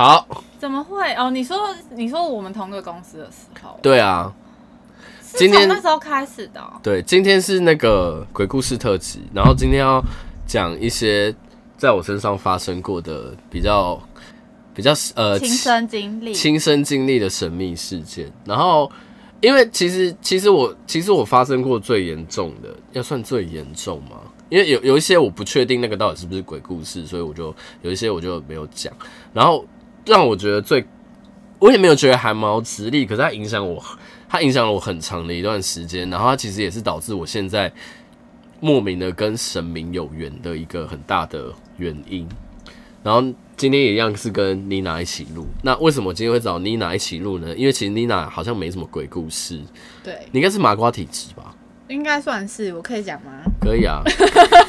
好，怎麼會哦？你說，你說我們同個公司的時候，對啊，今天那時候開始的、哦。對，今天是那個鬼故事特輯，然後今天要講一些在我身上發生過的比較、嗯、比較呃親身經歷親身經歷的神秘事件。然後，因為其實其實我其實我發生過最嚴重的，要算最嚴重嘛，因為有有一些我不確定那個到底是不是鬼故事，所以我就有一些我就沒有講。然後。讓我覺得最，我也沒有覺得寒毛直立，可是它影響我，它影響了我很長的一段時間。然後它其實也是導致我現在莫名的跟神明有緣的一個很大的原因。然後今天一樣是跟妮娜一起錄。那為什麼我今天會找妮娜一起錄呢？因為其實妮娜好像沒什麼鬼故事，對，你應該是麻瓜體質吧。應該算是，我可以講嗎？可以啊，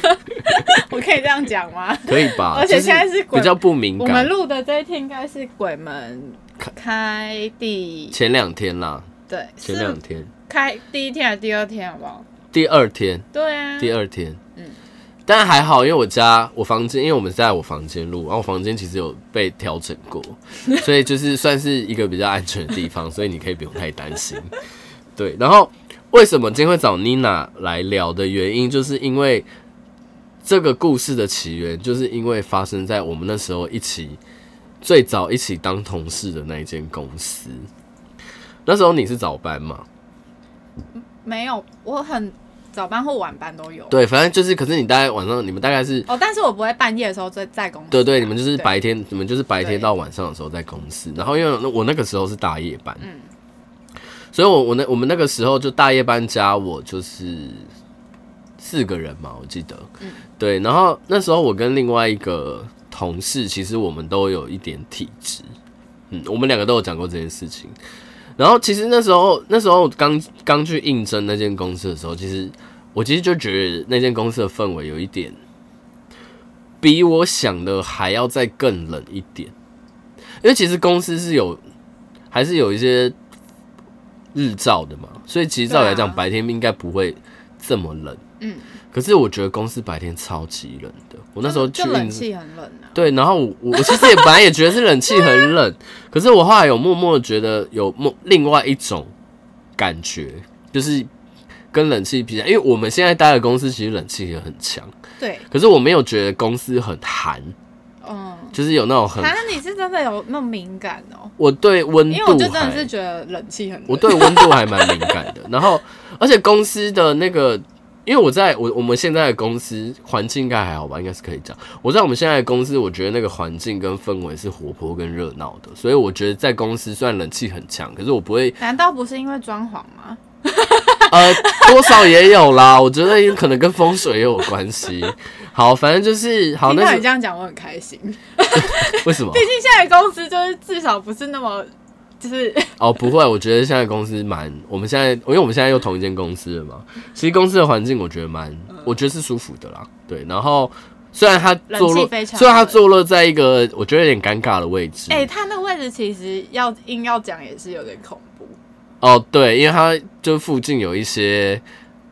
我可以這樣講嗎？可以吧。而且現在是，是比較不敏感。我們錄的這一天，應該是鬼門開第前兩天啦。對，前兩天開第一天還是第二天，好不好？第二天。對啊。第二天。嗯。但還好，因為我家我房間，因為我們是在我房間錄，然後我房間其實有被調整過，所以就是算是一個比較安全的地方， 所以你可以不用太擔心。對，然後。為什麼今天會找 Nina 來聊的原因，就是因為這個故事的起源，就是因為發生在我們那時候一起最早一起當同事的那一間公司。那時候你是早班嗎？沒有，我很早班或晚班都有。對，反正就是，可是你大概晚上，你們大概是哦，但是我不會半夜的時候在在公司。啊。對，對對，你們就是白天，對你們就是白天到晚上的時候在公司。對然後因為我那個時候是大夜班。嗯所以我，我我那我們那個時候就大夜班加，我就是四個人嘛，我記得，對。然後那時候我跟另外一個同事，其實我們都有一點體質，嗯，我們兩個都有講過這件事情。然後其實那時候那時候剛剛去應徵那間公司的時候，其實我其實就覺得那間公司的氛圍有一點比我想的還要再更冷一點，因為其實公司是有還是有一些。日照的嘛，所以其實照理來講，白天應該不會這麼冷。嗯，可是我覺得公司白天超級冷的。我那時候去，冷氣很冷對，然後我其實也本來也覺得是冷氣很冷，可是我後來有默默的覺得有另另外一種感覺，就是跟冷氣比較，因為我們現在待的公司其實冷氣也很強。對，可是我沒有覺得公司很寒。嗯，就是有那種很。反正、啊、你是真的有那麼敏感哦、喔。我對溫度，因為我就真的是覺得冷氣很。我對溫度還蠻敏感的， 然後而且公司的那個，因為我在我我們現在的公司環境應該還好吧，應該是可以講。我在我們現在的公司，我覺得那個環境跟氛圍是活潑跟熱鬧的，所以我覺得在公司雖然冷氣很強，可是我不會。難道不是因為裝潢嗎？ 呃，多少也有啦。我覺得有可能跟風水也有關係。 好，反正就是好。那你這樣講，我很開心。 為什麼？畢 竟現在公司就是至少不是那麼，就是哦、oh, 不會。我覺得現在公司蠻，我們現在，因為我們現在又同一間公司了嘛。其實公司的環境，我覺得蠻，我覺得是舒服的啦。嗯、對，然後雖然它坐落，非常雖然它坐落在一個我覺得有點尷尬的位置。哎、欸，它那個位置其實要硬要講也是有點恐怖。哦，oh, 對，因為他就附近有一些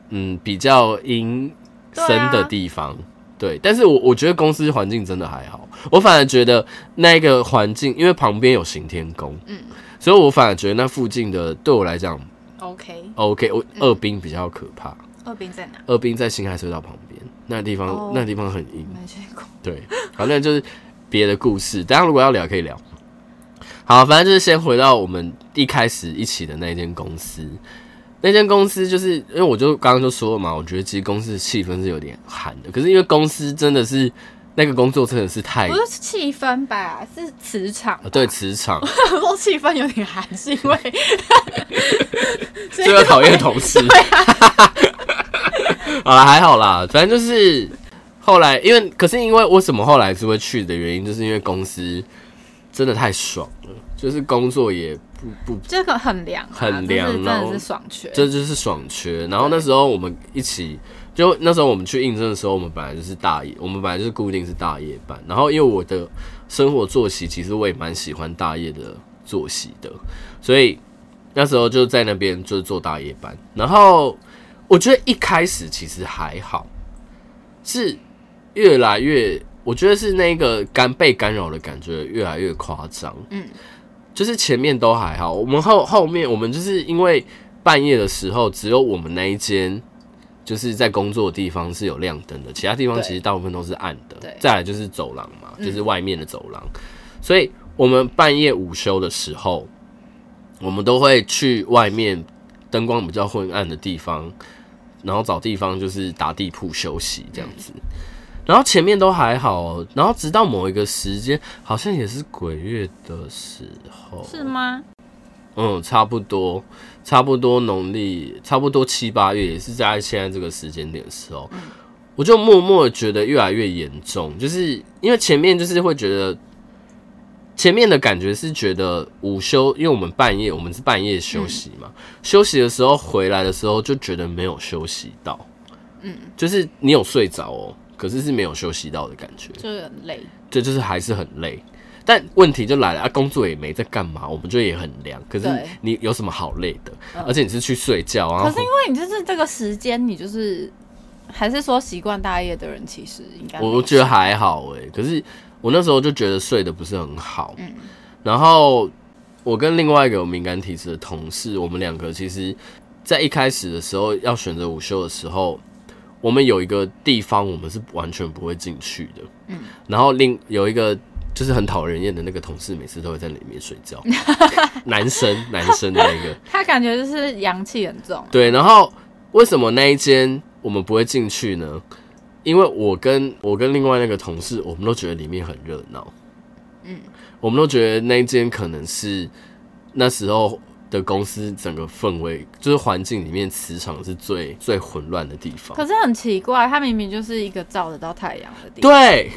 嗯比較陰森的地方。對，但是我我覺得公司環境真的還好，我反而覺得那個環境，因為旁邊有行天宮，嗯，所以我反而覺得那附近的對我來講，OK，OK，Okay.、okay, 我、嗯、二殯比較可怕。二殯在哪？二殯在辛亥隧道旁邊，那地方、oh, 那地方很陰，對，反正就是別的故事，大家如果要聊可以聊。好，反正就是先回到我們一開始一起的那一間公司。那間公司就是，因為我就剛剛就說了嘛，我覺得其實公司的氣氛是有點寒的。可是因為公司真的是那個工作真的是太，不是氣氛吧，是磁場。對磁場，說氣氛有點寒，是因為 最後討厭同事。以 好了，還好啦，反正就是後來，因為可是因為為什麼後來是會去的原因，就是因為公司真的太爽了，就是工作也，不不，這個很涼，很涼啊，就是真的是爽缺，這就是爽缺。然後那時候我們一起，就那時候我們去應徵的時候，我們本來就是大夜，我們本來就是固定是大夜班。然後因為我的生活作息，其實我也蠻喜歡大夜的作息的，所以那時候就在那邊就是做大夜班。然後我覺得一開始其實還好，是越來越，我覺得是那個干被干擾的感覺越來越誇張。嗯。就是前面都還好，我們後後面我們就是因為半夜的時候，只有我們那一間就是在工作的地方是有亮燈的，其他地方其實大部分都是暗的。對。再來就是走廊嘛，就是外面的走廊，嗯、所以我們半夜午休的時候，我們都會去外面燈光比較昏暗的地方，然後找地方就是打地鋪休息這樣子。嗯然後前面都還好，然後直到某一個時間，好像也是鬼月的時候，是嗎？嗯，差不多，差不多農曆，差不多七八月，也是在現在這個時間點的時候，嗯、我就默默的覺得越來越嚴重，就是因為前面就是會覺得，前面的感覺是覺得午休，因為我們半夜，我們是半夜休息嘛，嗯、休息的時候回來的時候就覺得沒有休息到，嗯，就是你有睡着哦。可是是沒有休息到的感覺，就很累。對，就是還是很累。但問題就來了，啊，工作也沒在幹嘛，我們就也很涼。可是你有什麼好累的？對而且你是去睡覺啊？可是因為你就是這個時間，你就是還是說習慣大夜的人，其實應該我覺得還好哎、欸。可是我那時候就覺得睡得不是很好。嗯。然後我跟另外一個有敏感體質的同事，我們兩個其實，在一開始的時候要選擇午休的時候。我們有一個地方，我們是完全不會進去的。嗯，然後另有一個就是很討人厭的那個同事，每次都會在裡面睡覺。 男生，男生的那個，他感覺就是陽氣很重。對，然後為什麼那一間我們不會進去呢？因為我跟我跟另外那個同事，我們都覺得裡面很熱鬧。嗯，我們都覺得那一間可能是那時候。的公司整個氛圍就是環境裡面磁場是最最混亂的地方。可是很奇怪，它明明就是一個照得到太陽的地方。對，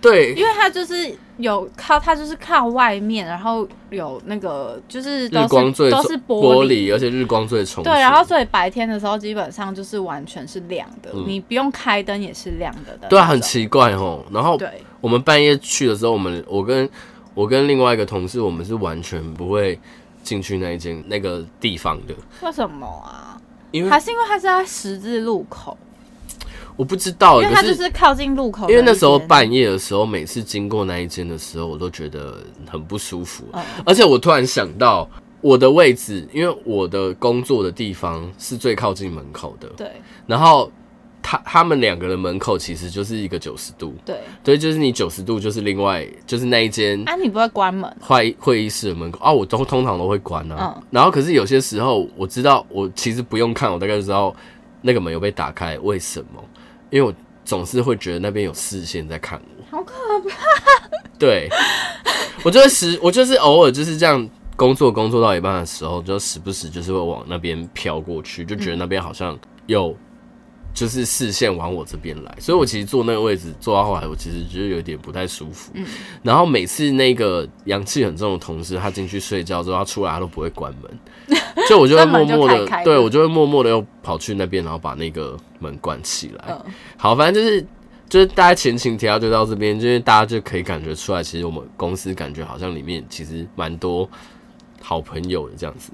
對，因為它就是有靠，它就是靠外面，然後有那個就是，是日光最都是玻璃，玻璃，而且日光最重。對，然後所以白天的時候基本上就是完全是亮的，嗯，你不用開燈也是亮的，的。對啊，很奇怪哦。然後我們半夜去的時候，我們對我跟我跟另外一個同事，我們是完全不會。進去那一間那個地方的，為什麼啊？因為還是因為它是在十字路口，我不知道，因為它就是靠近路口。因為那時候半夜的時候，每次經過那一間的時候，我都覺得很不舒服。嗯、而且我突然想到，我的位置，因為我的工作的地方是最靠近門口的，對，然後。他他們兩個的門口其實就是一個九十度，對對，就是你九十度就是另外就是那一間啊，你不會關門會會議室的門口啊、哦，我都通常都會關啊。嗯、然後可是有些時候我知道我其實不用看，我大概就知道那個門又被打開，為什麼？因為我總是會覺得那邊有視線在看我，好可怕。對，我就是時我就是偶爾就是這樣工作工作到一半的時候，就時不時就是會往那邊飄過去，就覺得那邊好像有、嗯。有就是視線往我這邊來，所以我其實坐那個位置坐到後來，我其實覺得有點不太舒服。然後每次那個陽氣很重的同事他進去睡覺之後，他出來他都不會關門，所以我就會默默的，對我就會默默的又跑去那邊，然後把那個門關起來。好，反正就是就是大家前情提要就到這邊，就是大家就可以感覺出來，其實我們公司感覺好像裡面其實蠻多好朋友的這樣子。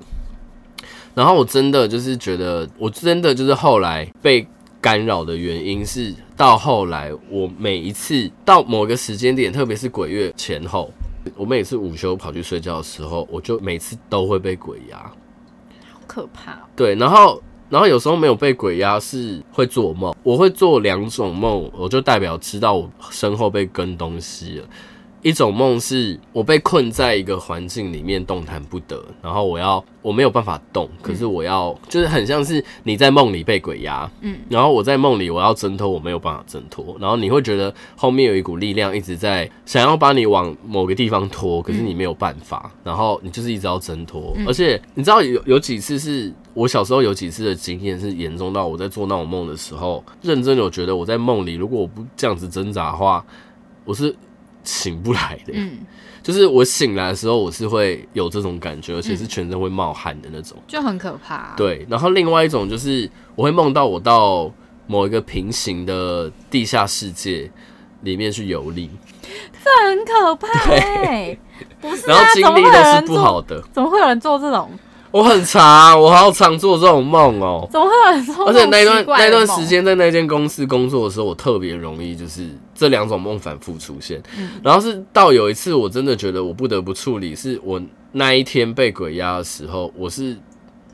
然後我真的就是覺得，我真的就是後來被。干擾的原因是，到後來我每一次到某個時間點，特別是鬼月前後，我每次午休跑去睡覺的時候，我就每次都會被鬼壓，好可怕哦。對，然後然後有時候沒有被鬼壓是會做夢，我會做兩種夢，我就代表知道我身後被跟東西了。一種夢是我被困在一個環境裡面動彈不得，然後我要我沒有辦法動，可是我要、嗯、就是很像是你在夢裡被鬼壓，嗯，然後我在夢裡我要掙脫，我沒有辦法掙脫，然後你會覺得後面有一股力量一直在想要把你往某個地方拖，可是你沒有辦法，嗯、然後你就是一直要掙脫，嗯、而且你知道有有幾次是我小時候有幾次的經驗是嚴重到我在做那種夢的時候，認真的我覺得我在夢裡如果我不這樣子掙扎的話，我是。醒不來的，嗯、就是我醒來的時候，我是會有這種感覺，而且是全身會冒汗的那種、嗯，就很可怕、啊。對，然後另外一種就是我會夢到我到某一個平行的地下世界裡面去遊歷，這很可怕、欸。對不是啊、然後經歷的是不好的怎，怎麼會有人做這種？我很常、啊,我好常做這種夢哦、喔。怎麼會很？會很，而且那段那段時間在那間公司工作的時候，我特別容易就是這兩種夢反覆出現。嗯、然後是到有一次我真的覺得我不得不處理，是我那一天被鬼壓的時候，我是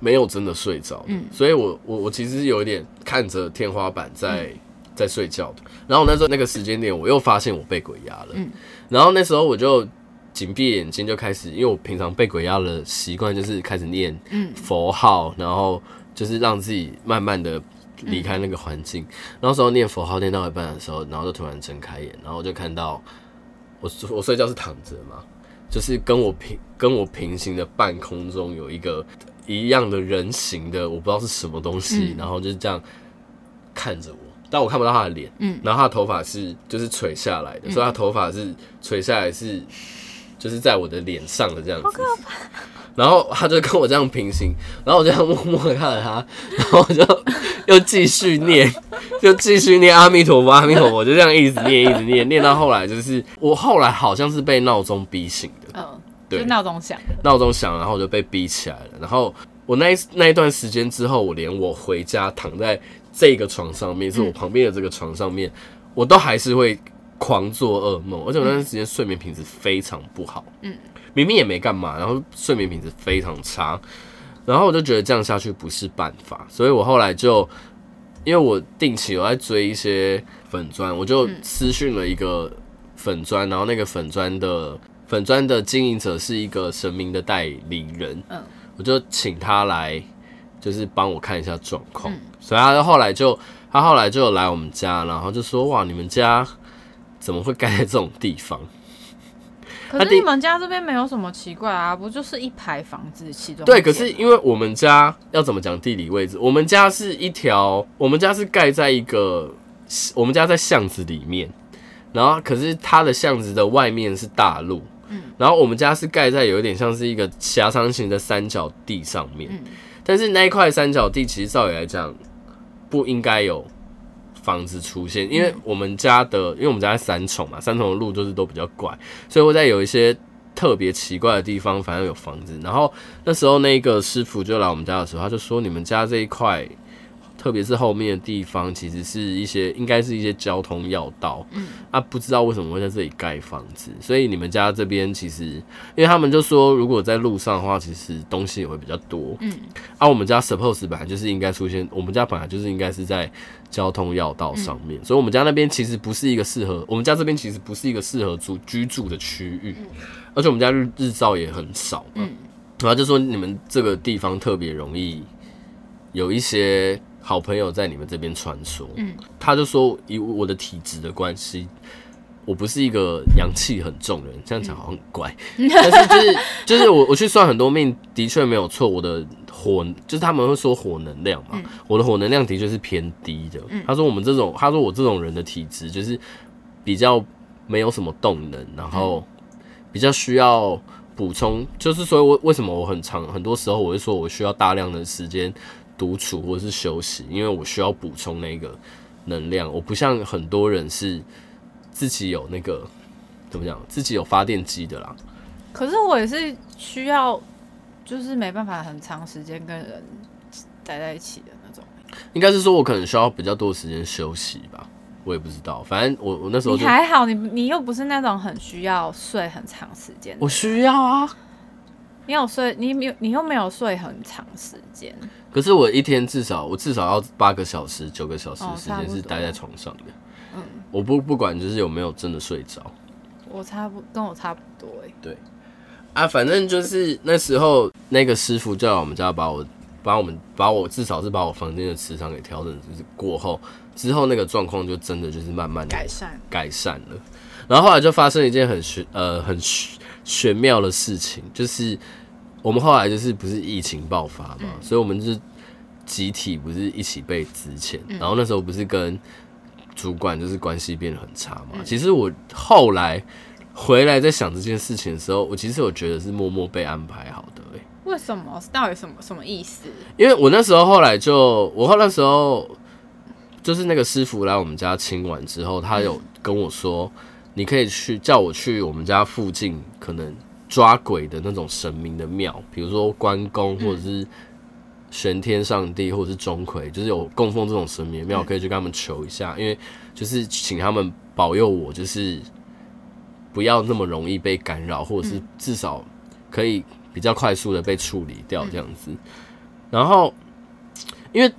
沒有真的睡着。嗯，所以我我我其實是有一點看着天花板在、嗯、在睡覺的。然後那時候那個時間點，我又發現我被鬼壓了。嗯、然後那時候我就。緊閉眼睛就開始，因為我平常被鬼壓的習慣就是開始念佛號，嗯、然後就是讓自己慢慢的離開那個環境。那時候念佛號念到一半的時候，然後就突然睜開眼，然後就看到我我睡覺是躺着嘛，就是跟我平跟我平行的半空中有一個一樣的人形的，我不知道是什麼東西，嗯、然後就是這樣看着我，但我看不到他的臉。嗯，然後他的頭髮是就是垂下來的，嗯、所以他頭髮是垂下來是。就是在我的臉上的這樣子，然後他就跟我這樣平行，然後我就這樣默默的看着他，然後我就又繼續念，就繼續念阿彌陀佛，阿彌陀佛，我就這樣一直念，一直念，念到後來就是我後來好像是被鬧鐘逼醒的，嗯，對，鬧鐘響，鬧鐘響，然後我就被逼起來了。然後我那一那一段時間之後，我連我回家躺在這個床上面，是我旁邊的這個床上面，我都還是會。狂做噩夢，而且我那段時間睡眠品質非常不好。嗯，明明也沒幹嘛，然後睡眠品質非常差，然後我就覺得這樣下去不是辦法，所以我後來就因為我定期有在追一些粉專，我就私訊了一個粉專，然後那個粉專的粉專的經營者是一個神明的代理人，嗯，我就請他來，就是幫我看一下狀況。嗯、所以他就後來就他後來就他後來就來我們家，然後就說哇，你們家。怎麼會蓋在這種地方？可是你們家這邊沒有什麼奇怪啊，不就是一排房子？其中、啊、對，可是因為我們家要怎麼講地理位置？我們家是一條，我們家是蓋在一個，我們家在巷子裡面，然後可是它的巷子的外面是大路，嗯、然後我們家是蓋在有一點像是一個狹長型的三角地上面，嗯、但是那一塊三角地其實照理來講不應該有。房子出現，因為我們家的，因為我們家在三重嘛，三重的路就是都比較怪，所以會在有一些特別奇怪的地方，反正有房子。然後那時候那個師傅就來我們家的時候，他就說你們家這一塊。特別是後面的地方，其實是一些應該是一些交通要道。嗯，啊，不知道為什麼會在這裡蓋房子。所以你們家這邊其實，因為他們就說，如果在路上的話，其實東西也會比較多。嗯，啊，我們家 suppose 本來就是應該出現，我們家本來就是應該是在交通要道上面，嗯、所以我們家那邊其實不是一個適合，我們家這邊其實不是一個適合住居住的區域，嗯、而且我們家日，日照也很少。嗯，然後、啊、就說你們這個地方特別容易有一些，好朋友在你們這邊傳說，嗯，他就說，以我的體質的關係，我不是一個陽氣很重的人，嗯、這樣講好像很怪，但是就是 就是我我去算很多命，的確沒有錯，我的火就是他們會說火能量嘛，嗯、我的火能量的確是偏低的。嗯、他說我們這種，他說我這種人的體質就是比較沒有什麼動能，然後比較需要補充，嗯、就是所以為為什麼我很常很多時候我會說我需要大量的時間獨處或是休息，因為我需要補充那個能量。我不像很多人是自己有那個怎麼講，自己有發電機的啦。可是我也是需要，就是沒辦法很長時間跟人待在，在一起的那種。應該是說我可能需要比較多時間休息吧，我也不知道。反正我我那時候你還好你，你你又不是那種很需要睡很長時間的。我需要啊，你有睡，你有你又沒有睡很長時間。可是我一天至少我至少要八個小時九個小時的時間是待在床上的，哦不嗯、我不不管就是有沒有真的睡着，我差不多跟我差不多哎，對，啊，反正就是那時候那個師傅叫我們家把我把我們把我至少是把我房間的磁場給調整，就是過後之後那個狀況就真的就是慢慢改善改善了，善然後後來就發生一件很玄呃很玄妙的事情，就是。我們後來就是不是疫情爆發嘛，嗯、所以我們就是集體不是一起被資遣，嗯、然後那時候不是跟主管就是關係變得很差嘛。嗯、其實我後來回來在想這件事情的時候，我其實我覺得是默默被安排好的、欸、為什麼？到底什麼什麼意思？因為我那時候後來就我後來時候就是那個師傅來我們家清完之後，他有跟我說，嗯、你可以去叫我去我們家附近，可能。抓鬼的那種神明的廟，比如說關公，或者是玄天上帝，或者是鍾馗，嗯、就是有供奉這種神明的廟，可以去跟他們求一下，嗯、因為就是請他們保佑我，就是不要那麼容易被干擾，或者是至少可以比較快速的被處理掉這樣子。然後，因為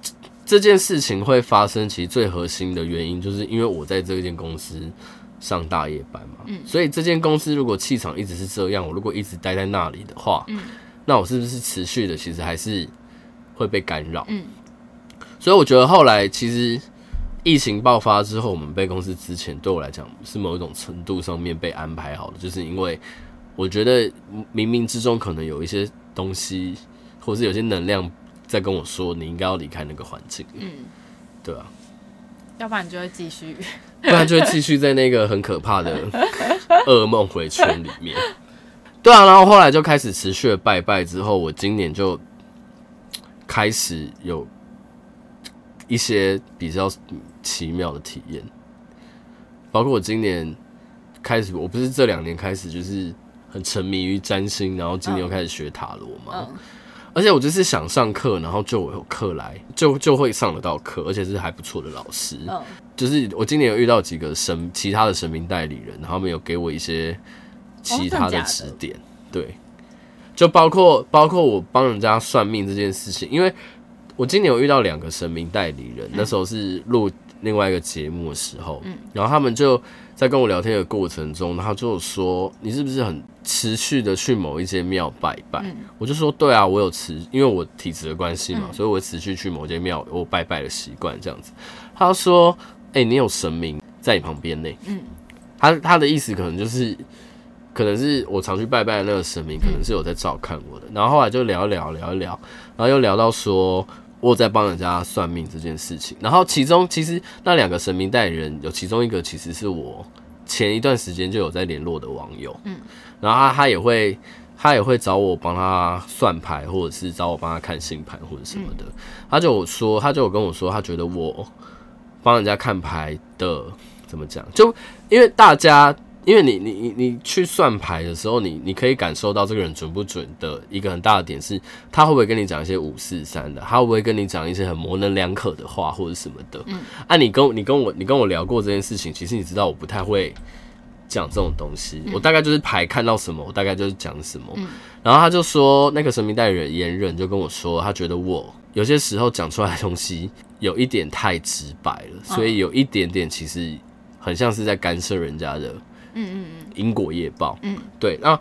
這件事情會發生，其實最核心的原因就是因為我在這間公司。上大夜班嘛，嗯、所以這間公司如果氣場一直是這樣，我如果一直待在那裡的話，嗯、那我是不是持續的其實還是會被干擾？嗯、所以我覺得後來其實疫情爆發之後，我們被公司之前對我來講是某一種程度上面被安排好的，就是因為我覺得冥冥之中可能有一些東西，或是有些能量在跟我說，你應該要離開那個環境。嗯，對啊，要不然你就會繼續。不然就會繼續在那個很可怕的噩夢回圈裡面。對啊，然後後來就開始持續的拜拜之後，我今年就開始有一些比較奇妙的體驗，包括我今年開始，我不是這兩年開始就是很沉迷於占星，然後今年又開始學塔羅嗎？Oh. Oh. 而且我就是想上課，然後就有課來，就就會上得到課，而且是還不錯的老師。嗯、就是我今年有遇到幾個神，其他的神明代理人，然後他們有給我一些其他的指點。哦、對，就包括包括我幫人家算命這件事情，因為我今年有遇到兩個神明代理人，嗯、那時候是錄。另外一個節目的時候，嗯、然後他們就在跟我聊天的過程中，他就說：“你是不是很持續的去某一些廟拜拜？”嗯、我就說：“對啊，我有持，因為我體質的關係嘛，嗯、所以我持續去某一些廟，我拜拜的習慣這樣子。”他說：“哎、欸，你有神明在你旁邊呢、欸。”嗯，他他的意思可能就是，可能是我常去拜拜的那個神明，可能是有在照看我的。嗯、然後後來就聊一聊，聊一聊，然後又聊到說。我在幫人家算命這件事情，然後其中其實那兩個神明代理人有其中一個，其實是我前一段時間就有在聯絡的網友，嗯，然後他他也會他也會找我幫他算牌，或者是找我幫他看星盤或者什麼的，嗯、他就說他就跟我說，他覺得我幫人家看牌的怎麼講，就因為大家。因為你你你你去算牌的時候，你你可以感受到這個人準不準的一個很大的點是，他會不會跟你講一些五四三的，他會不會跟你講一些很模稜兩可的話或者什麼的。嗯，啊你，你跟你跟我你跟我聊過這件事情，其實你知道我不太會講這種東西，嗯、我大概就是牌看到什麼，我大概就是講什麼。嗯、然後他就說那個神明代理人言人就跟我說，他覺得我有些時候講出來的東西有一點太直白了，哇所以有一點點其實很像是在干涉人家的。嗯嗯嗯，因果業報嗯，嗯，對，那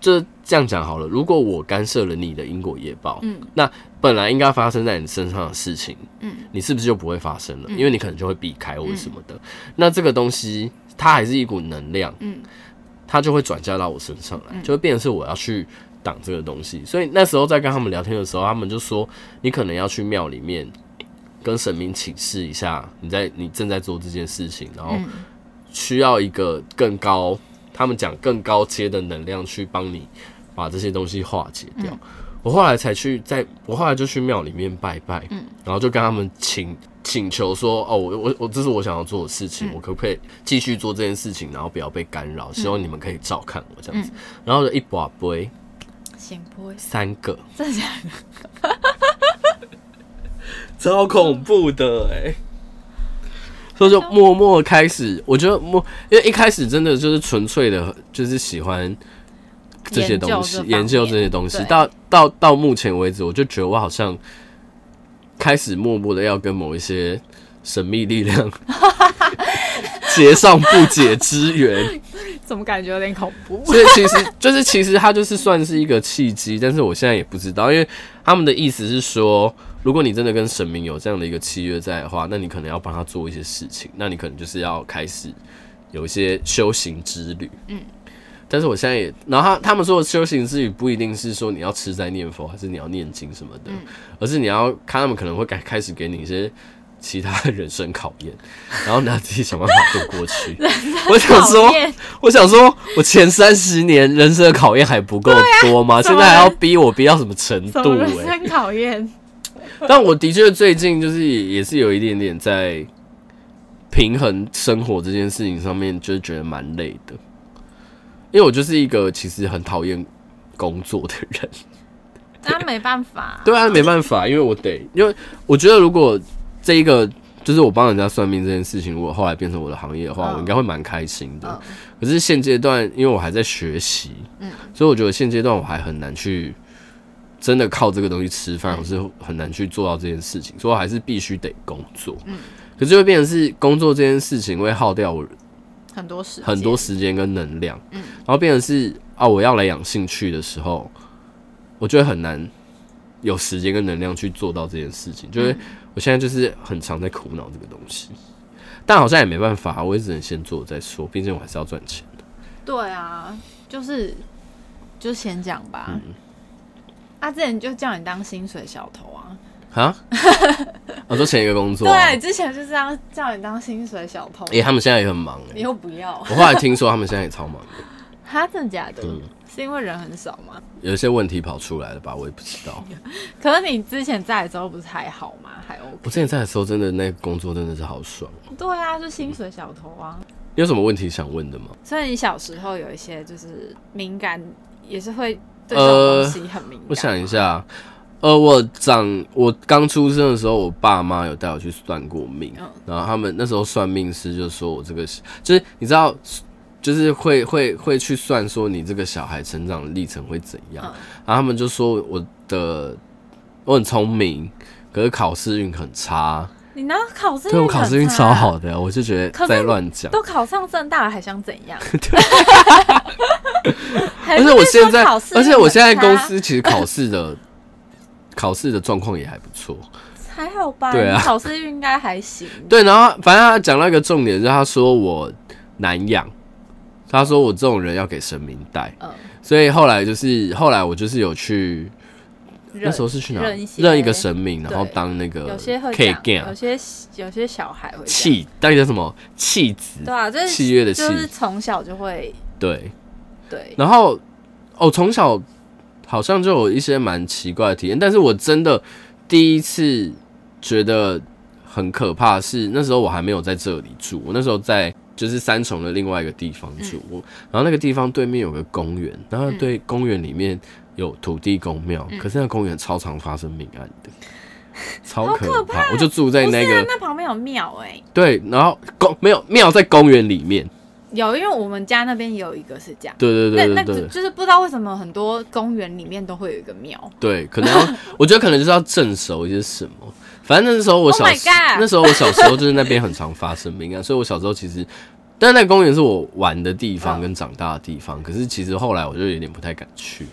這這樣講好了。如果我干涉了你的因果業報，嗯，那本來應該發生在你身上的事情，嗯，你是不是就不會發生了？嗯，因為你可能就會避開我什麼的。嗯，那這個東西它還是一股能量，嗯，它就會轉嫁到我身上來，就會變成是我要去擋這個東西。嗯，所以那時候在跟他們聊天的時候，他們就說你可能要去廟裡面跟神明請示一下，你在你正在做這件事情，然後。需要一個更高，他們講更高階的能量去幫你把這些東西化解掉。嗯、我後來才去在，在我後來就去廟裡面拜拜，嗯、然後就跟他們請請求說：“哦，我我我這是我想要做的事情，嗯、我可不可以繼續做這件事情？然後不要被干擾，嗯、希望你們可以照看我這樣子。嗯”然後就一把杯，三杯，三個，這個 超恐怖的哎。就默默開始，我覺得默，因為一開始真的就是純粹的，就是喜歡這些東西，研究這些東西。到到到目前為止，我就覺得我好像開始默默的要跟某一些神秘力量結上不解之緣，怎麼感覺有點恐怖？所以其實，就是其實他就是算是一個契機，但是我現在也不知道，因為他們的意思是說。如果你真的跟神明有這樣的一個契約在的話，那你可能要幫他做一些事情，那你可能就是要開始有一些修行之旅。嗯，但是我現在也，然後他，他們說的修行之旅不一定是說你要吃齋念佛，還是你要念經什麼的，嗯、而是你要看他們可能會開開始給你一些其他人生考驗，然後你自己想辦法渡過去。我想說，我想說，我前三十年人生的考驗還不夠多嗎？啊、現在還要逼我逼到什麼程度、欸？哎，人生考驗。但我的確最近就是也是有一點點在平衡生活這件事情上面，就是覺得蠻累的。因為我就是一個其實很討厭工作的人，那沒辦法， 對啊，沒辦法，因為我得，因為我覺得如果這一個就是我幫人家算命這件事情，如果後來變成我的行業的話，我應該會蠻開心的。可是現階段，因為我還在學習，嗯，所以我覺得現階段我還很難去。真的靠這個東西吃飯，我是很難去做到這件事情，所以我還是必須得工作。嗯，可是就會變成是工作這件事情會耗掉我很多時很多時間跟能量。嗯，然後變成是啊，我要來養興趣的時候，我覺得很難有時間跟能量去做到這件事情。就是我現在就是很常在苦惱這個東西，但好像也沒辦法，我也只能先做再說。畢竟我還是要賺錢的。對啊，就是就先講吧。嗯他、啊、之前就叫你當薪水小偷啊！啊蛤！我說、 哦、前一個工作、啊，對、啊，之前就是叫你當薪水小偷、啊。哎、欸，他們現在也很忙哎、欸。又不要。 我後來聽說他們現在也超忙的。哈，真的假的？是,是,是因為人很少嗎？有一些問題跑出來了吧？我也不知道。 可是你之前在的時候不是還好嗎？還 OK。我之前在的時候，真的那個、工作真的是好爽、啊。對啊，是薪水小偷啊。嗯、你有什麼問題想問的嗎？雖然你小時候有一些就是敏感，也是會。對呃，我想一下，呃，我長我剛出生的時候，我爸媽有帶我去算過命，嗯、然後他們那時候算命師就說，我這個就是你知道，就是會會會去算說你這個小孩成長的歷程會怎樣，嗯、然後他們就說我的我很聰明，可是考試運很差。你那考試運？對我考試運超好的，我就覺得在亂講。都考上政大了，還想怎樣？對哈，是而且我現在，而且我現在公司其實考試的考試的狀況也還不錯，還好吧？對啊，考試運應該還行。對，然後反正他講了一個重點，就是他說我難養，他說我這種人要給神明帶，所以後來就是後來我就是有去。任那時候是去哪認一,一個神明，然後當那個可以 g e 有些、有些、有些小孩會契，那叫什麼契子？對啊，就是契約的契約，是從小就會對對。對然後哦，從小好像就有一些蠻奇怪的體驗，但是我真的第一次覺得很可怕是，是那時候我還沒有在這裡住，我那時候在就是三重的另外一個地方住，嗯、然後那個地方對面有個公園，然後對公園裡面。嗯有土地公廟，可是那公園超常發生命案的，嗯、超可怕！好可怕，我就住在那個，啊、那旁邊有廟哎、欸。對，然後公沒有廟在公園裡面。有，因為我們家那邊也有一個是這樣。對對對，對對對，那那個就是不知道為什麼很多公園裡面都會有一個廟。對，可能、啊、 我覺得可能就是要鎮守一些什麼。反正那時候我小，oh、my 那時候我小時候就是那邊很常發生命案，所以我小時候其實，但那個公園是我玩的地方跟長大的地方。Oh. 可是其實後來我就有點不太敢去。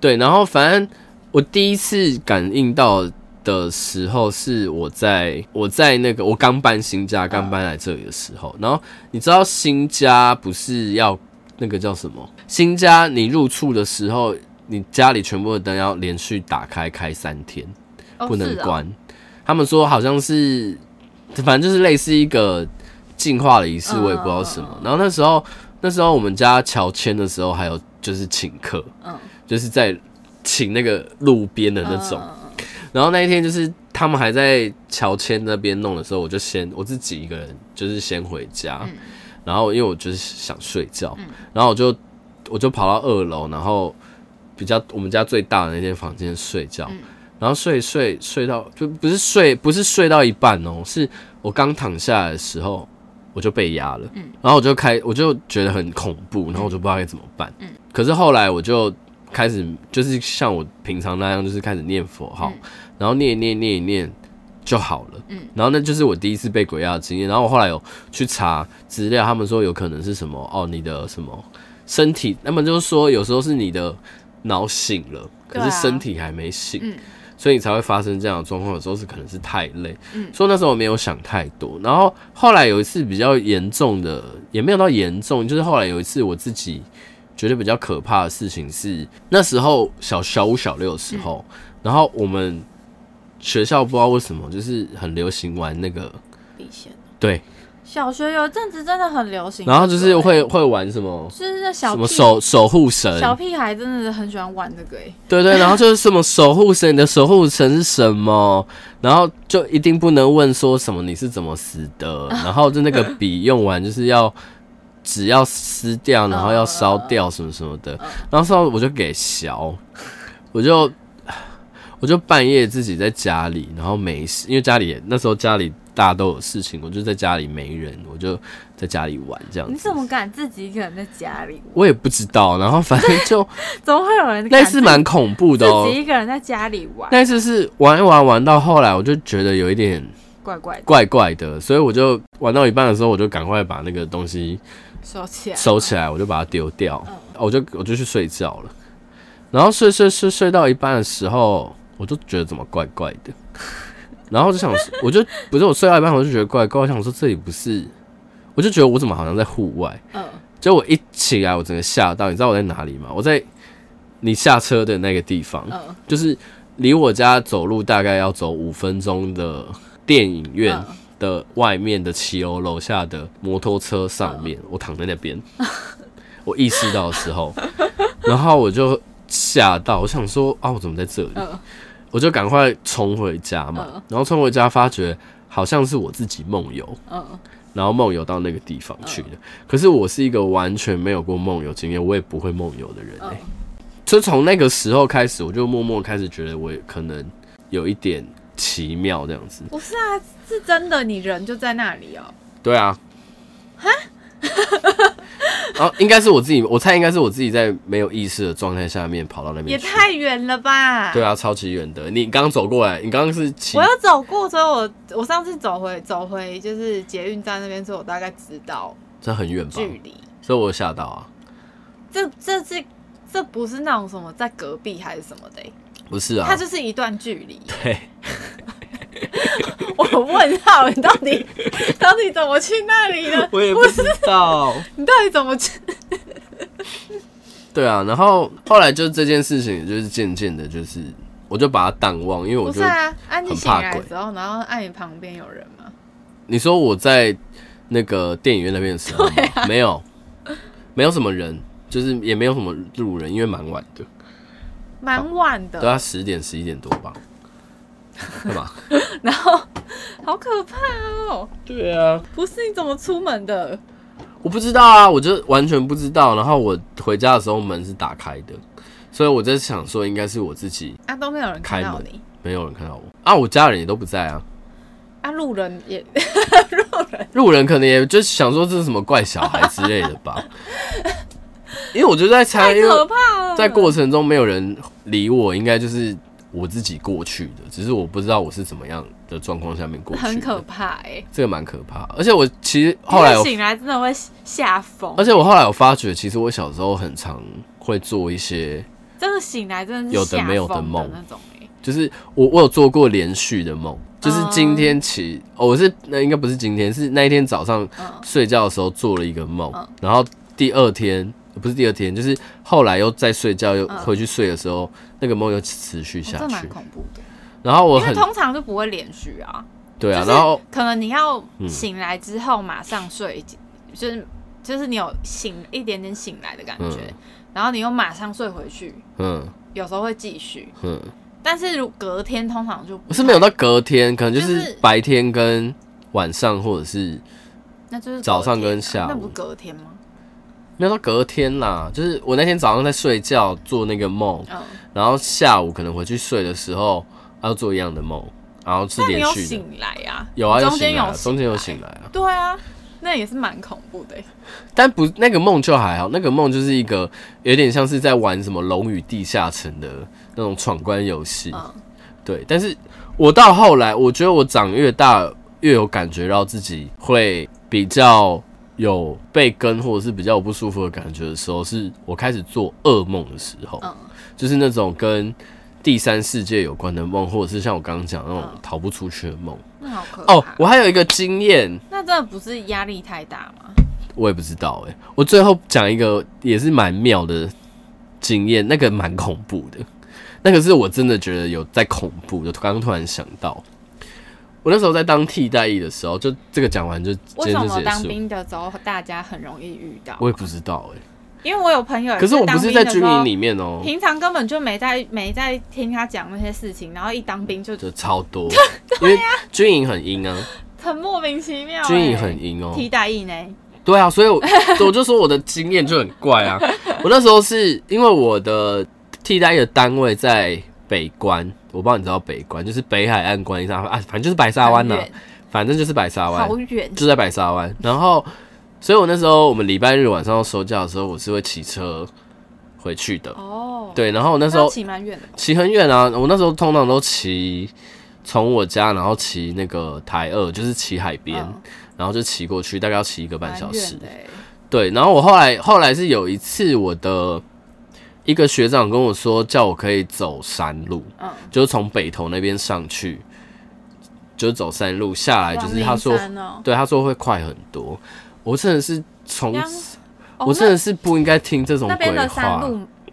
對，然後反正我第一次感應到的時候，是我在我在那個我剛搬新家，剛搬來這裡的時候。然後你知道新家不是要那個叫什麼？新家你入厝的時候，你家裡全部的燈要連續打開開三天，不能關。他們說好像是，反正就是類似一個淨化的儀式，我也不知道什麼。然後那時候那時候我們家喬遷的時候，還有就是請客，就是在請那個路邊的那種，然後那一天就是他們還在喬遷那邊弄的時候，我就先我自己一個人，就是先回家，然後因為我就是想睡覺，然後我就我就跑到二樓，然後比較我們家最大的那間房間睡覺，然後睡睡睡到就不是睡不是睡到一半哦、喔，是我剛躺下來的時候我就被壓了，然後我就開我就覺得很恐怖，然後我就不知道該怎麼辦，可是後來我就。開始就是像我平常那樣，就是開始念佛號，好嗯、然後念一念念一念就好了。嗯，然後那就是我第一次被鬼壓的經驗。然後我後來有去查資料，他們說有可能是什麼哦，你的什麼身體？那麼就是說有時候是你的腦醒了，可是身體還沒醒，嗯、所以你才會發生這樣的狀況。有時候是可能是太累，嗯、所以那時候我沒有想太多。然後後來有一次比較嚴重的，也沒有到嚴重，就是後來有一次我自己。覺得比較可怕的事情是那時候小小五小六的時候，嗯、然後我們學校不知道為什麼就是很流行玩那個筆仙。先對，小學有一陣子真的很流行。然後就是會對會玩什麼？就是小什麼守守護神，小屁孩真的是很喜歡玩這個哎。對，對對，然後就是什麼守護神？ 你的守護神是什麼？然後就一定不能問說什麼你是怎麼死的？然後就那個筆用完就是要。只要撕掉，然後要燒掉什麼什麼的，嗯、然後時候我就給小，我就我就半夜自己在家裡，然後沒事，因為家裡那時候家裡大家都有事情，我就在家裡沒人，我就在家裡玩這樣子。你怎麼敢自己一個人在家裡？我也不知道。然後反正就 怎麼會有人，那是蠻恐怖的，自己一個人在家裡玩。但是是玩一玩玩到後來，我就覺得有一點怪怪怪怪的，所以我就玩到一半的時候，我就趕快把那個東西。收起來，收起來，我就把它丟掉，oh. 我就我就去睡覺了。然後睡睡睡睡到一半的時候，我就覺得怎麼怪怪的，然後就想， 我就不是我睡到一半，我就覺得怪怪，我想說這裡不是，我就覺得我怎麼好像在戶外。嗯，oh. 就我一起來，我整個嚇到，你知道我在哪裡嗎？我在你下車的那個地方，oh. 就是離我家走路大概要走五分鐘的電影院。Oh. 的外面的騎樓樓下的摩托車上面，oh. 我躺在那邊， 我意識到的時候， 然後我就嚇到，我想說啊，我怎麼在這裡？Oh. 我就趕快衝回家嘛，oh. 然後衝回家發覺好像是我自己夢遊，嗯，oh. 然後夢遊到那個地方去的。Oh. 可是我是一個完全沒有過夢遊經驗，我也不會夢遊的人誒、欸。就從、oh. 那個時候開始，我就默默開始覺得我也可能有一點奇妙這樣子。不是啊。是真的，你人就在那裡哦、喔。對啊，哈， 啊、應該是我自己，我猜應該是我自己在沒有意識的狀態下面跑到那邊，也太遠了吧？對啊，超級遠的。你剛剛走過來，你剛剛是我要走過，所以我我上次走回走回就是捷運站那邊之後，所以我大概知道這很遠吧距離，所以我嚇到啊。這這是這不是那種什麼在隔壁還是什麼的？不是啊，它就是一段距離。對。 我問號，你到底到底怎麼去那裡的？我也不知道。 你到底怎麼去？對啊，然後後來就這件事情，就是漸漸的，就是我就把它淡忘，因為我就很怕鬼。然、啊、後，然後按你旁邊有人嗎？你說我在那個電影院那邊的時候？啊、沒有，沒有什麼人，就是也沒有什麼路人，因為蠻晚的，蠻晚的，都要十點十一點多吧。幹嘛？ 然後好可怕哦、喔！對啊，不是你怎麼出門的？我不知道啊，我就完全不知道。然後我回家的時候門是打開的，所以我在想說應該是我自己。啊都沒有人開門，沒有人看到我啊！我家人也都不在啊，啊路人也 路人路人可能也就想說，這是什麼怪小孩之類的吧， 因為我覺得在猜可怕在過程中沒有人理我，應該就是。我自己過去的，只是我不知道我是怎麼樣的狀況下面過去的。很可怕哎、欸，這個蠻可怕。而且我其實後來我醒來真的會嚇瘋。而且我後來我發覺，其實我小時候很常會做一些。真的醒來真的是有的沒有的夢就是我我有做過連續的夢，就是今天起、嗯哦、我是那應該不是今天，是那一天早上睡覺的時候做了一個夢，嗯、然後第二天。不是第二天，就是後來又再睡覺，又回去睡的時候，嗯、那個夢又持續下去，啊、這蠻恐怖的。然後我很因為通常就不會連續啊，對啊，然後就是可能你要醒來之後馬上睡，嗯、就是就是你有醒一點點醒來的感覺，嗯、然後你又馬上睡回去，嗯，有時候會繼續，嗯，但是如隔天通常就不是沒有到隔天，可能就是白天跟晚上，或者是那就是早上跟下午那、啊，那不是隔天嗎？那到隔天啦、啊，就是我那天早上在睡覺做那個夢，嗯、然後下午可能回去睡的時候要、啊、做一樣的夢，然後次連續你有醒來啊，有啊，中間有，中間有醒來啊，來啊對啊，那也是蠻恐怖的。但不，那個夢就還好，那個夢就是一個有點像是在玩什麼《龍與地下城》的那種闖關遊戲，嗯、對。但是我到後來，我覺得我長越大，越有感覺到自己會比較。有被跟或者是比較不舒服的感覺的時候，是我開始做噩夢的時候，嗯、就是那種跟第三世界有關的夢，或者是像我剛剛講那種逃不出去的夢、嗯。那好可怕哦！我還有一個經驗，那真的不是壓力太大嗎？我也不知道哎、欸。我最後講一個也是蠻妙的經驗，那個蠻恐怖的，那個是我真的覺得有在恐怖。就剛剛突然想到。我那時候在當替代役的時候，就這個講完就為什麼當兵的時候大家很容易遇到、啊？我也不知道哎、欸，因為我有朋友，可是我不是在軍營裡面哦、喔，平常根本就沒在沒在聽他講那些事情，然後一當兵就就超多， 對呀，軍營很陰啊，很，陰啊，很莫名其妙、欸，軍營很陰哦、喔，替代役呢？對啊，所以我我就說我的經驗就很怪啊，我那時候是因為我的替代役的單位在北關。我不知道你知道北關就是北海岸關一下啊，反正就是白沙灣吶、啊，很遠反正就是白沙灣，好遠就在白沙灣。然後，所以我那時候我們禮拜日晚上要收假的時候，我是會騎車回去的。哦，oh, 對，然後我那時候騎蠻遠的，騎很遠啊。我那時候通常都騎從我家，然後騎那個台二，就是騎海邊，oh, 然後就騎過去，大概要騎一個半小時。對，然後我後來後來是有一次我的。一個學長跟我說，叫我可以走山路，嗯、就是從北投那邊上去，就走山路下來，就是他說，哦、對他說會快很多。我真的是從，oh, 我真的是不應該聽這種鬼話。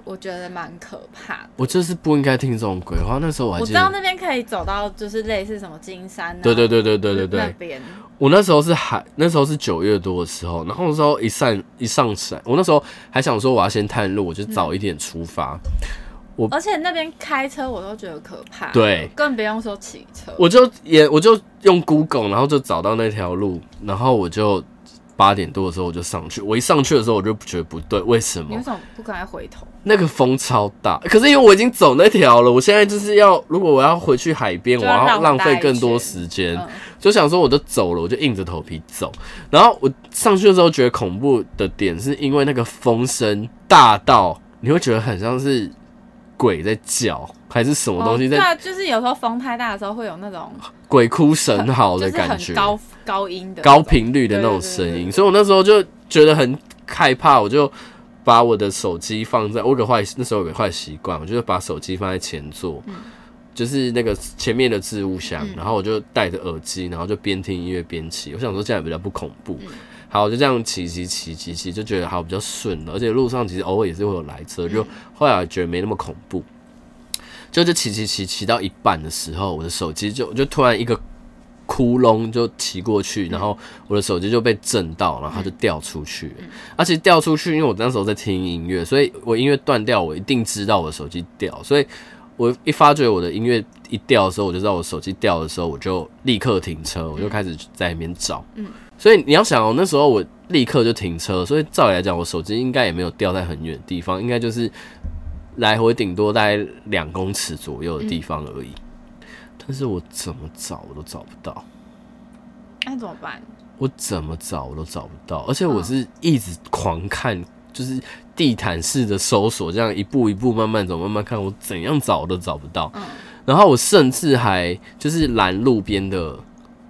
我覺得蠻可怕，我就是不應該聽這種鬼話。那時候我還記得，我知道那邊可以走到，就是類似什麼金山，啊，對對對對對對，對那邊邊。我那時候是還那時候是九月多的時候，然後那時候一上一上山，我那時候還想說，我要先探路，我就早一點出發。嗯、我而且那邊開車我都覺得可怕，對，更不用說騎車我。我就也我就用 Google，然後就找到那條路，然後我就。八點多的時候我就上去，我一上去的時候我就覺得不對，為什麼？不敢回頭？那個風超大，可是因為我已經走那條了，我現在就是要如果我要回去海邊，我要浪費更多時間，就想說我都走了，我就硬着頭皮走。然後我上去的時候覺得恐怖的點，是因為那個風聲大到你會覺得很像是鬼在叫。還是什麼東西在、哦？那就是有時候風太大的時候，會有那種鬼哭神嚎的感覺，高高音的高頻率的那種聲音，所以我那時候就覺得很害怕，我就把我的手機放在我有個壞那時候有個壞習慣，我就會把手機放在前座，嗯，就是那個前面的置物箱，嗯、然後我就戴着耳機，然後就邊聽音樂邊騎。嗯、我想說這樣也比較不恐怖，嗯、好，就這樣騎騎騎騎騎，就覺得好像比較順了，而且路上其實偶爾也是會有來車，就後來我覺得沒那麼恐怖。就就騎騎騎騎到一半的時候，我的手機就就突然一個窟窿，就騎過去，然後我的手機就被震到，然後它就掉出去。而且、嗯嗯啊、掉出去，因為我那時候在聽音樂，所以我音樂斷掉，我一定知道我的手機掉。所以我一發覺我的音樂一掉的時候，我就知道我的手機掉的時候，我就立刻停車，我就開始在裡面找。嗯、所以你要想、喔，那時候我立刻就停車，所以照理來講，我手機應該也沒有掉在很遠的地方，應該就是。來回頂多大概兩公尺左右的地方而已，但是我怎麼找我都找不到，那怎麼辦？我怎麼找我都找不到，而且我是一直狂看，就是地毯式的搜索，這樣一步一步慢慢走，慢慢看，我怎樣找我都找不到。然後我甚至還就是攔路邊的，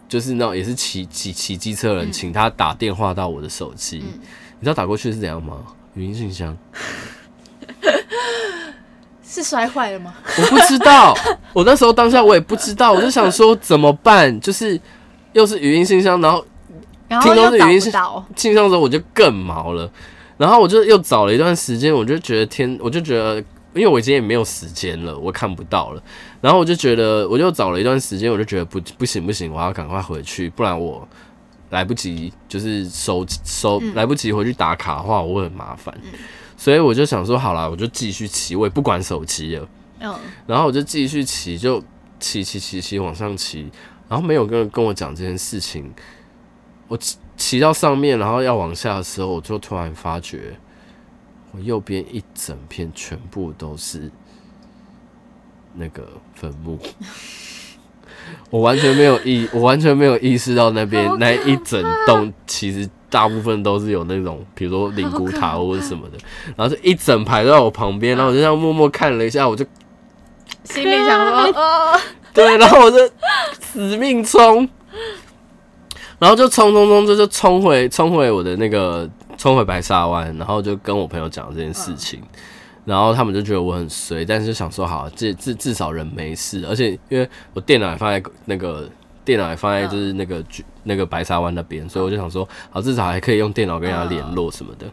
就是那種也是騎騎騎機車人，請他打電話到我的手機，你知道打過去是怎樣嗎？語音信箱。是摔壞了嗎？我不知道，我那時候當下我也不知道， 我就想說怎麼辦？就是又是語音信箱，然後，然後聽說是語音信箱，信箱的時候我就更毛了，然後我就又找了一段時間，我就覺得天，我就覺得，因為我今天也沒有時間了，我看不到了，然後我就覺得，我又找了一段時間，我就覺得不不行不行，我要趕快回去，不然我來不及，就是收收來不及回去打卡的話，我會很麻煩。嗯所以我就想說，好啦，我就繼續騎，我也不管手機了。Oh. 然後我就繼續騎，就騎騎騎騎往上騎，然後沒有跟跟我講這件事情。我騎騎到上面，然後要往下的時候，我就突然發覺，我右邊一整片全部都是那個墳墓， 我完全沒有意，我完全沒有意識到那邊那一整棟其實。大部分都是有那種，比如說靈骨塔或者什麼的，好好，然後就一整排都在我旁邊，嗯、然後我就這樣默默看了一下，我就心裡想說，愛對，然後我就死命衝， 然後就冲冲冲，就就衝回衝回我的那個衝回白沙灣，然後就跟我朋友講這件事情，嗯、然後他們就覺得我很衰，但是就想說好，至至至少人沒事，而且因為我電腦也放在那個。電腦也放在就是那個、uh. 那個白沙灣那邊，所以我就想說，好，至少還可以用電腦跟人家聯絡什麼的。Uh.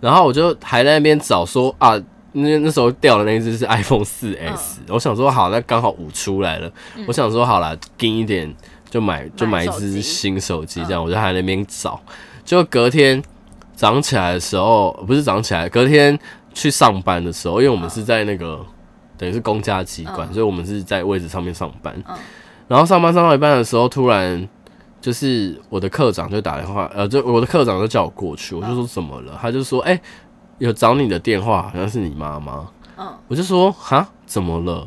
然後我就還在那邊找說，說啊，那那時候掉的那一只是 iPhone 四 S，, S,、uh. 我想說好，那剛好五出來了，嗯、我想說好了，給一點就買，就買一只新手機這樣。我就還在那邊找，就隔天漲起來的時候，不是漲起來，隔天去上班的時候，因為我們是在那個等於、uh. 是公家機關，uh. 所以我們是在位置上面上班。Uh. 然後上班上到一半的時候，突然就是我的課長就打電話，呃，就我的課長就叫我過去，我就說怎麼了？他就說，哎、欸，有找你的電話，好像是你媽媽。哦、我就說，哈，怎麼了？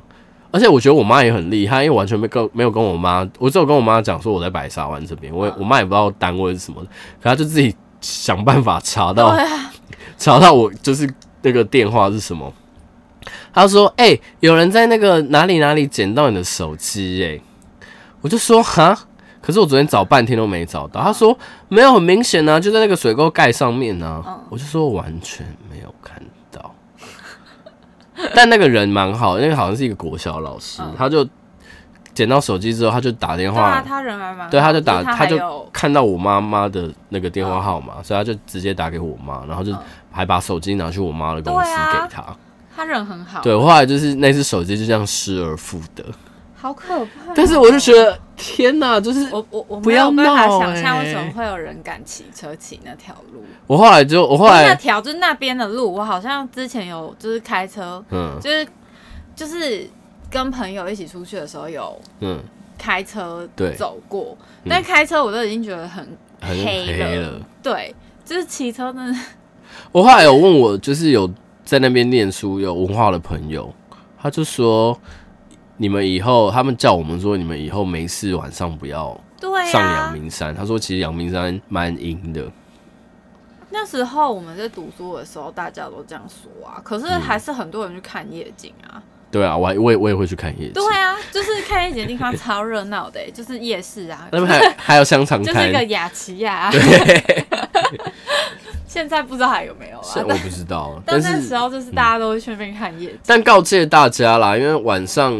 而且我覺得我媽也很厲害，因為完全沒跟沒有跟我媽，我只有跟我媽講說我在白沙灣這邊，我也我媽也不知道單位是什麼，然後就自己想辦法查到，啊、查到我就是那個電話是什麼。她說，哎、欸，有人在那個哪裡哪裡撿到你的手機、欸，哎。我就說蛤，可是我昨天找半天都沒找到。嗯、他說沒有，很明顯呢、啊，就在那個水溝蓋上面呢、啊。嗯、我就說完全沒有看到。嗯、但那個人蠻好的，那個好像是一個國小老師，嗯、他就撿到手機之後，他就打電話，對，啊、對，他就打，他，他就看到我媽媽的那個電話號碼，嗯、所以他就直接打給我媽，然後就還把手機拿去我媽的公司給他。嗯啊、他人很好。對，後來就是那只手機就這樣失而復得。好可怕！但是我就覺得，天吶，就是我我我沒有辦法想象為什麼會有人敢騎車騎那條路我。我後來就我後來那條就是那邊、就是、的路，我好像之前有就是開車，嗯，就是就是跟朋友一起出去的時候有嗯開車對，走過，對但開車我都已經覺得很黑的，很黑了。對，就是騎車呢，我後來有問我，就是有在那邊念書有文化的朋友，他就說。你們以後，他們叫我們說，你們以後沒事晚上不要上陽明山。啊、他說，其實陽明山蠻陰的。那時候我們在讀書的時候，大家都這樣說啊，可是還是很多人去看夜景啊。嗯、對啊，我我也我也會去看夜景。對啊，就是看夜景的地方超熱鬧的、欸， 就是夜市啊。那邊還 還有香腸攤，就是一個雅琪、啊。對 現在不知道還有沒有了、啊，我不知道。但，但，是但那時候就是大家都會去那邊看夜景、嗯。但告誡大家啦，因為晚上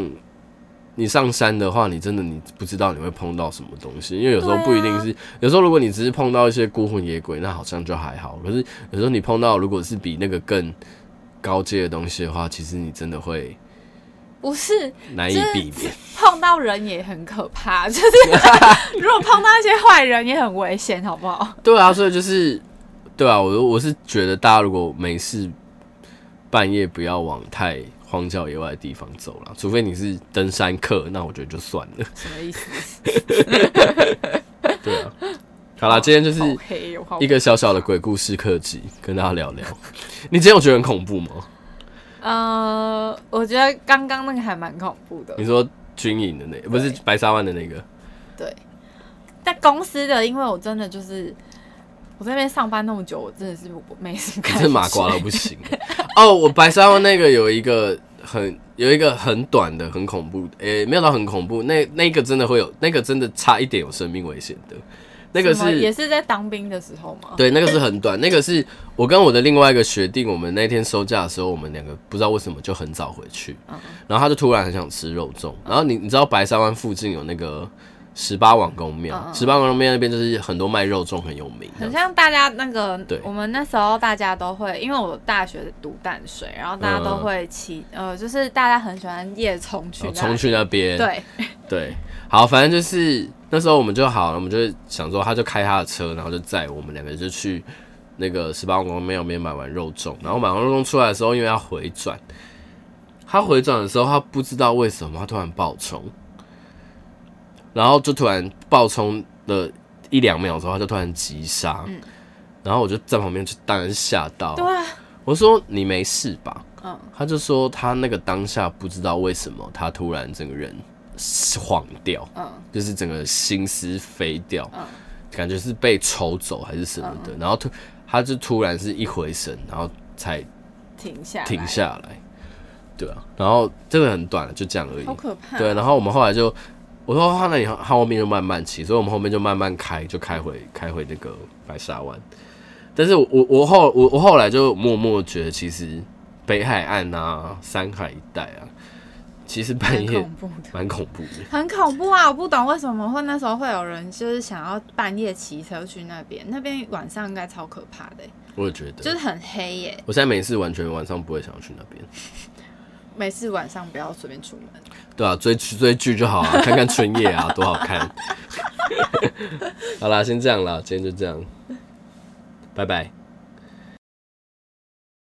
你上山的話，你真的你不知道你會碰到什麼東西。因為有時候不一定是，啊、有時候如果你只是碰到一些孤魂野鬼，那好像就還好。可是有時候你碰到如果是比那個更高階的東西的話，其實你真的會不是難以避免、就是、碰到人也很可怕。就是 如果碰到一些壞人也很危險，好不好？對啊，所以就是。對啊，我我是覺得大家如果沒事，半夜不要往太荒郊野外的地方走了，除非你是登山客，那我覺得就算了。什麼意思？ 對啊，好啦，好，今天就是一個小小的鬼故事客集，跟大家聊聊。 你今天有覺得很恐怖嗎？呃，我覺得剛剛那個還蠻恐怖的。你說軍營的那個，不是白沙灣的那個對？對，在公司的，因為我真的就是。我在那邊上班那麼久，我真的是沒什麼。是麻瓜了不行哦！Oh, 我白沙灣那個有一個很有一個很短的很恐怖的，誒、欸，沒有到很恐怖，那那個真的會有，那個真的差一點有生命危險的。那個是也是在當兵的時候嗎？對，那個是很短，那個是我跟我的另外一個學弟，我們那天收假的時候，我們兩個不知道為什麼就很早回去，嗯、然後他就突然很想吃肉粽，然後你你知道白沙灣附近有那個。十八王公廟，十八王公廟那邊就是很多賣肉粽很有名，很像大家那個。對，我們那時候大家都會，因為我大學讀淡水，然後大家都會騎，嗯、呃，就是大家很喜歡夜衝去衝去那邊。那對對，好，反正就是那時候我們就好了，我們就想說，他就開他的車，然後就載我們兩個就去那個十八王公廟那邊買完肉粽，然後買完肉粽出來的時候，因為要回轉，他回轉的時候，他不知道為什麼他突然爆衝。然後就突然爆衝了一兩秒之後，他就突然急剎，嗯、然後我就在旁邊，就當然嚇到。對、啊，我說你沒事吧？嗯、他就說他那個當下不知道為什麼他突然整個人晃掉，嗯、就是整個心思飛掉，嗯、感覺是被抽走還是什麼的。嗯、然後突，他就突然是一回神，然後才停下，停下來，對啊。然後這個很短，就這樣而已。好可怕、哦。對，然後我們後來就。我說他那裡，他後面就慢慢騎，所以我們後面就慢慢開，就開回開回那個白沙灣。但是我，我我後我我後來就默默覺得，其實北海岸啊、山海一帶啊，其實半夜蠻恐怖的，很恐怖啊！我不懂為什麼會那時候會有人就是想要半夜騎車去那邊，那邊晚上應該超可怕的、欸。我也覺得，就是很黑耶、欸。我現在每次完全晚上不會想要去那邊。沒事，晚上不要隨便出門。對啊，追追劇就好啊，看看春夜啊， 多好看。 好啦，先這樣啦。今天就這樣，拜拜。